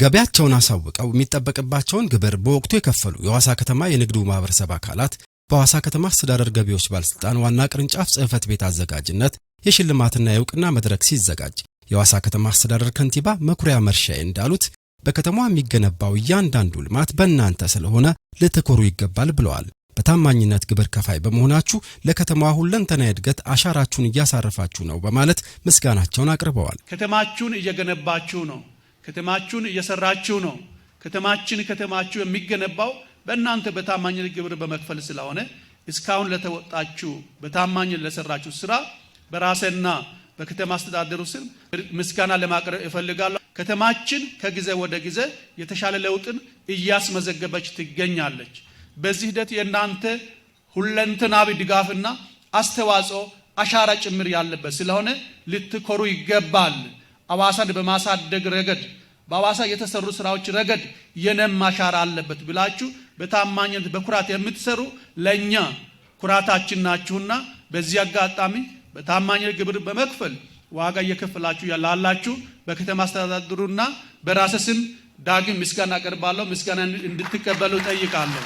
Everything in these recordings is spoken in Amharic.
ገቢያቸውን አሳውቀው የሚጠበቅባቸውን ግብር በወቅቱ የከፈሉ የሐዋሳ ከተማ የንግዱ ማህበረሰብ አካላት በሐዋሳ ከተማ አስተዳደር ገቢዎች ባለሥልጣን ዋና ቅርንጫፍ ጽህፈት ቤት አዘጋጅነት የሽልማትና የእውቅና መድረክ ሲዘጋጅ የሐዋሳ ከተማ አስተዳደር ከንቲባ መኩሪያ መርሻዬ እንዳሉት በከተማ የሚገነባው እያንዳንዱ ልማት በእናንተ ስለሆነ ልትኮሩ ይገባል ብለዋል። በታማኝነት ግብር ከፋይ በመሆናችሁ ለከተማዋ ሁለንተና እድገት አሻራችሁን እያሳረፋችሁ ነው በማለት ምስጋናቸውን አቅርበዋል። ከተማችሁን እየገነባችሁ ነው ከተማችሁን እየሰራችሁ ነው። ከተማችን ከተማችሁ የሚገነባው በእናንተ በታማኝነት ግብር በመክፈል ስለሆነ እስካሁን ለተወጣችሁ በታማኝ ለሰራችሁ ስራ በራሴና በከተማ አስተዳደሩ ስም ምስጋና ለማቅረብ እፈልጋለሁ። ከተማችን ከጊዜ ወደ ጊዜ የተሻለ ለውጥን እያስመዘገበች ትገኛለች። በዚህ ሂደት የእናንተ ሁለንተናዊ ድጋፍና አስተዋጽኦ አሻራ ጭምር ያለበት ስለሆነ ልትኮሩ ይገባል። አዋሳን በማሳደግ ረገድ በአዋሳ የተሰሩ ስራዎች ረገድ የነም አሻራ አለበት ብላችሁ በታማኝነት በኩራት የምትሰሩ ለእኛ ኩራታችን ናችሁና በዚህ አጋጣሚ በታማኝነት ግብር በመክፈል ዋጋ እየከፈላችሁ ያላላችሁ በከተማ አስተዳደሩና በራሴ ስም ዳግም ምስጋና አቀርባለሁ። ምስጋና እንድትቀበሉ ጠይቃለሁ።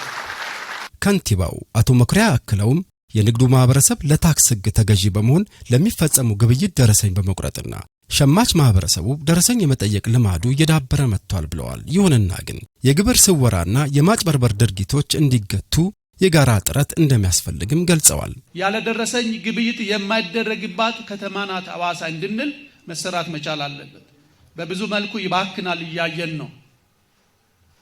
ከንቲባው አቶ መኩሪያ አክለውም የንግዱ ማህበረሰብ ለታክስ ህግ ተገዢ በመሆን ለሚፈጸሙ ግብይት ደረሰኝ በመቁረጥና ሸማች ማህበረሰቡ ደረሰኝ የመጠየቅ ልማዱ እየዳበረ መጥቷል ብለዋል። ይሁንና ግን የግብር ስወራና የማጭበርበር ድርጊቶች እንዲገቱ የጋራ ጥረት እንደሚያስፈልግም ገልጸዋል። ያለ ደረሰኝ ግብይት የማይደረግባት ከተማ ናት ሐዋሳ እንድንል መሰራት መቻል አለበት። በብዙ መልኩ ይባክናል፣ እያየን ነው።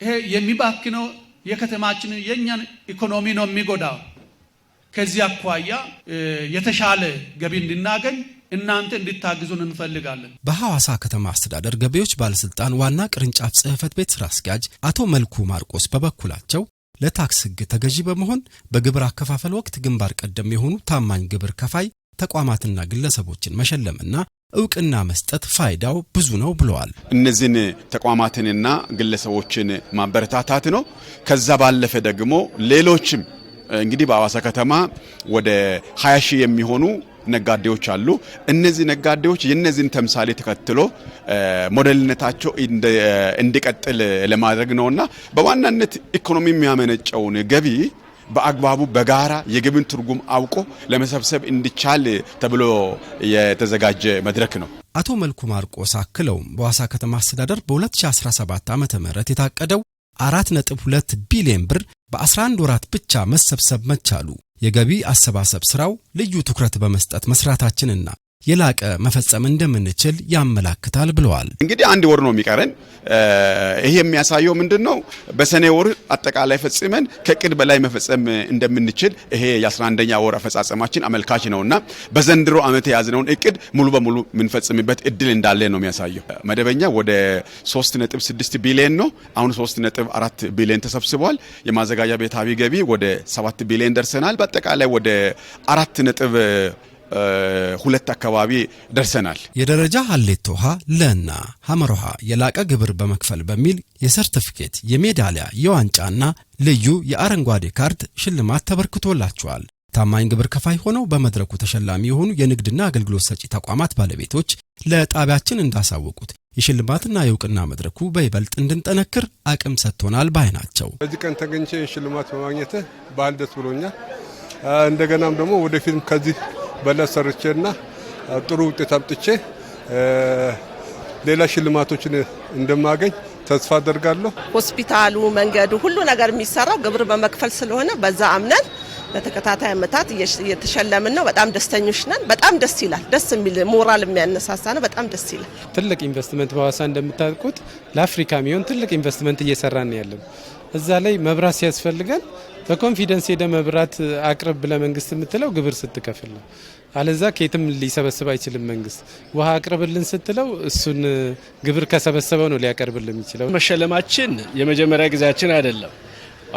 ይሄ የሚባክነው የከተማችንን የእኛን ኢኮኖሚ ነው የሚጎዳው። ከዚህ አኳያ የተሻለ ገቢ እንድናገኝ እናንተ እንድታግዙን እንፈልጋለን። በሐዋሳ ከተማ አስተዳደር ገቢዎች ባለስልጣን ዋና ቅርንጫፍ ጽህፈት ቤት ስራ አስኪያጅ አቶ መልኩ ማርቆስ በበኩላቸው ለታክስ ህግ ተገዢ በመሆን በግብር አከፋፈል ወቅት ግንባር ቀደም የሆኑ ታማኝ ግብር ከፋይ ተቋማትና ግለሰቦችን መሸለምና እውቅና መስጠት ፋይዳው ብዙ ነው ብለዋል። እነዚህን ተቋማትንና ግለሰቦችን ማበረታታት ነው። ከዛ ባለፈ ደግሞ ሌሎችም እንግዲህ በሐዋሳ ከተማ ወደ 20 ሺህ የሚሆኑ ነጋዴዎች አሉ። እነዚህ ነጋዴዎች የነዚህን ተምሳሌ ተከትሎ ሞዴልነታቸው እንዲቀጥል ለማድረግ ነውና በዋናነት ኢኮኖሚ የሚያመነጨውን ገቢ በአግባቡ በጋራ የግብን ትርጉም አውቆ ለመሰብሰብ እንዲቻል ተብሎ የተዘጋጀ መድረክ ነው። አቶ መልኩ ማርቆስ አክለውም በዋሳ ከተማ አስተዳደር በ2017 ዓ ም የታቀደው 4.2 ቢሊዮን ብር በ11 ወራት ብቻ መሰብሰብ መቻሉ የገቢ አሰባሰብ ስራው ልዩ ትኩረት በመስጠት መስራታችንና የላቀ መፈጸም እንደምንችል ያመላክታል ብለዋል። እንግዲህ አንድ ወር ነው የሚቀረን። ይሄ የሚያሳየው ምንድን ነው? በሰኔ ወር አጠቃላይ ፈጽመን ከቅድ በላይ መፈጸም እንደምንችል ይሄ የ11ኛ ወር አፈጻጸማችን አመልካች ነውና በዘንድሮ ዓመት የያዝነውን እቅድ ሙሉ በሙሉ የምንፈጽምበት እድል እንዳለ ነው የሚያሳየው። መደበኛ ወደ 3.6 ቢሊዮን ነው። አሁን 3.4 ቢሊዮን ተሰብስቧል። የማዘጋጃ ቤታዊ ገቢ ወደ 7 ቢሊዮን ደርሰናል። በአጠቃላይ ወደ አራት ነጥብ ሁለት አካባቢ ደርሰናል። የደረጃ ሀሌት ውሃ ለና ሐመር ውሃ የላቀ ግብር በመክፈል በሚል የሰርቲፊኬት የሜዳሊያ የዋንጫና ልዩ የአረንጓዴ ካርድ ሽልማት ተበርክቶላቸዋል። ታማኝ ግብር ከፋይ ሆነው በመድረኩ ተሸላሚ የሆኑ የንግድና አገልግሎት ሰጪ ተቋማት ባለቤቶች ለጣቢያችን እንዳሳወቁት የሽልማትና የእውቅና መድረኩ በይበልጥ እንድንጠነክር አቅም ሰጥቶናል ባይ ናቸው። በዚህ ቀን ተገኝቼ ሽልማት በማግኘትህ ባህል ደስ ብሎኛል። እንደገናም ደግሞ ወደፊትም ከዚህ በለስ ሰርቼና ጥሩ ውጤት አምጥቼ ሌላ ሽልማቶችን እንደማገኝ ተስፋ አደርጋለሁ። ሆስፒታሉ፣ መንገዱ፣ ሁሉ ነገር የሚሰራው ግብር በመክፈል ስለሆነ በዛ አምነን በተከታታይ አመታት እየተሸለምን ነው። በጣም ደስተኞች ነን። በጣም ደስ ይላል። ደስ የሚል ሞራል የሚያነሳሳ ነው። በጣም ደስ ይላል። ትልቅ ኢንቨስትመንት በሀዋሳ እንደምታውቁት ለአፍሪካ የሚሆን ትልቅ ኢንቨስትመንት እየሰራን ነው ያለን እዛ ላይ መብራት ሲያስፈልገን በኮንፊደንስ ሄደ መብራት አቅርብ ብለ መንግስት የምትለው ግብር ስትከፍል ነው። አለዛ ከየትም ሊሰበስብ አይችልም። መንግስት ውሃ አቅርብልን ስትለው እሱን ግብር ከሰበሰበው ነው ሊያቀርብልን የሚችለው። መሸለማችን የመጀመሪያ ጊዜያችን አይደለም።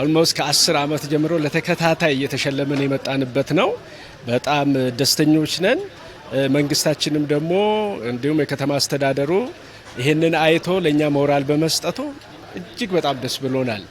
ኦልሞስት ከአስር ዓመት ጀምሮ ለተከታታይ እየተሸለመን የመጣንበት ነው። በጣም ደስተኞች ነን። መንግስታችንም ደግሞ እንዲሁም የከተማ አስተዳደሩ ይህንን አይቶ ለእኛ ሞራል በመስጠቱ እጅግ በጣም ደስ ብሎናል።